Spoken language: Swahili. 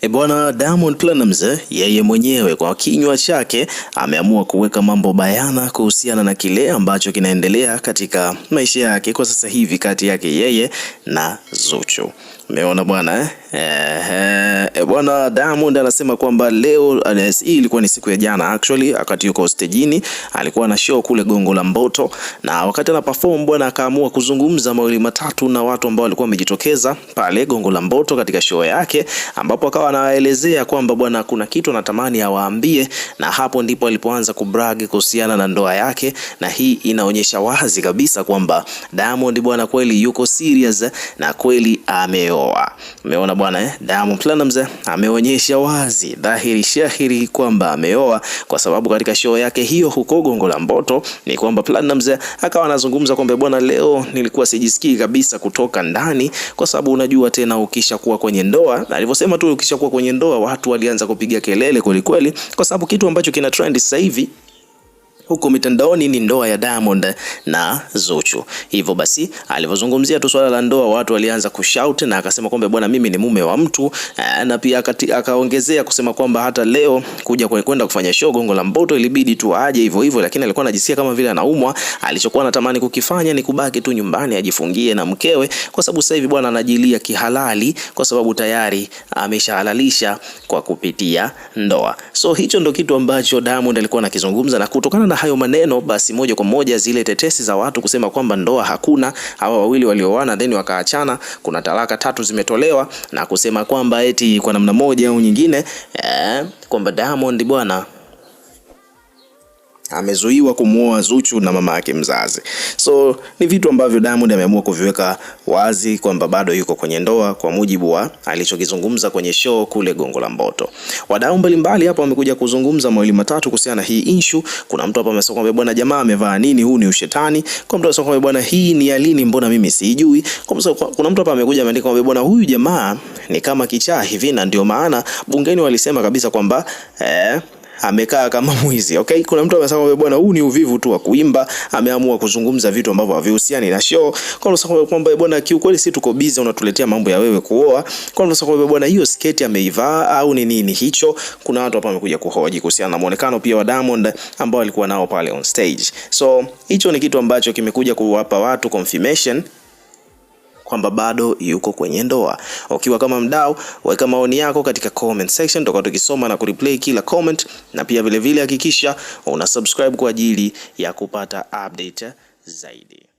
E bwana, Diamond Platnumz yeye mwenyewe kwa kinywa chake ameamua kuweka mambo bayana kuhusiana na kile ambacho kinaendelea katika maisha yake kwa sasa hivi kati yake yeye na Zuchu. Umeona bwana eh? E bwana Diamond anasema kwamba leo hii eh, ilikuwa ni siku ya jana actually, akati yuko stejini alikuwa na show kule Gongo la Mboto, na wakati ana perform bwana, akaamua kuzungumza mawili matatu na watu ambao walikuwa wamejitokeza pale Gongo la Mboto katika show yake ambapo akawa anawaelezea kwamba bwana, kuna kitu anatamani awaambie, na hapo ndipo alipoanza kubrag kuhusiana na ndoa yake, na hii inaonyesha wazi kabisa kwamba Diamond bwana kweli yuko serious na kweli ameoa. Umeona bwana eh? Diamond Platnumz eh? ameonyesha wazi dhahiri shahiri kwamba ameoa, kwa sababu katika show yake hiyo huko Gongo la Mboto ni kwamba Platnumz eh, akawa anazungumza kwamba bwana, leo nilikuwa sijisikii kabisa kutoka ndani, kwa sababu unajua tena, ukishakuwa kwenye ndoa, alivyosema tu, ukishakuwa kwenye ndoa watu walianza kupiga kelele kwelikweli, kwa sababu kitu ambacho kina trend sasa hivi huko mitandaoni ni ndoa ya Diamond na Zuchu. Hivyo basi alivyozungumzia tu swala la ndoa, watu walianza kushout na akasema kwamba bwana, mimi ni mume wa mtu, eh, na pia akaongezea kusema kwamba hata leo kuja kwenda kufanya show Gongo la Mboto ilibidi tu aje hivyo hivyo, lakini alikuwa anajisikia kama vile anaumwa. Alichokuwa anatamani kukifanya ni kubaki tu nyumbani ajifungie na mkewe, kwa sababu sasa hivi bwana anajilia kihalali, kwa sababu tayari ameshahalalisha kwa kupitia ndoa. So hicho ndo kitu ambacho Diamond alikuwa anakizungumza na kutokana na ukiona hayo maneno, basi moja kwa moja zile tetesi za watu kusema kwamba ndoa hakuna, hawa wawili walioana then wakaachana, kuna talaka tatu zimetolewa na kusema kwamba eti kwa namna moja au nyingine eh, kwamba Diamond bwana amezuiwa kumuoa Zuchu na mama yake mzazi. So ni vitu ambavyo Diamond ameamua kuviweka wazi kwamba bado yuko kwenye ndoa kwa mujibu wa alichokizungumza kwenye show kule Gongo la Mboto. Wadau mbalimbali hapa wamekuja kuzungumza mawili matatu kuhusiana na hii issue. Kuna mtu hapa amesema kwamba bwana jamaa amevaa nini, huu ni ushetani. Kwa mtu amesema kwamba bwana hii ni alini, mbona mimi sijui. Kwa siijui. Kuna mtu hapa amekuja ameandika kwamba bwana huyu jamaa ni kama kichaa hivi na ndio maana bungeni walisema kabisa kwamba eh, amekaa kama mwizi. Okay, kuna mtu amesema bwana, huu ni uvivu tu wa kuimba, ameamua kuzungumza vitu ambavyo havihusiani na show. Kwa hiyo kwamba bwana, kiukweli si tuko busy, unatuletea mambo ya wewe kuoa. Kwa hiyo bwana, hiyo sketi ameivaa au ni nini hicho? Kuna watu hapa wamekuja kuhoji kuhusiana na muonekano pia wa Diamond ambao alikuwa nao pale on stage. So hicho ni kitu ambacho kimekuja kuwapa watu confirmation kwamba bado yuko kwenye ndoa. Ukiwa kama mdau, weka maoni yako katika comment section, tutakuwa tukisoma na kureplay kila comment, na pia vilevile hakikisha una subscribe kwa ajili ya kupata update zaidi.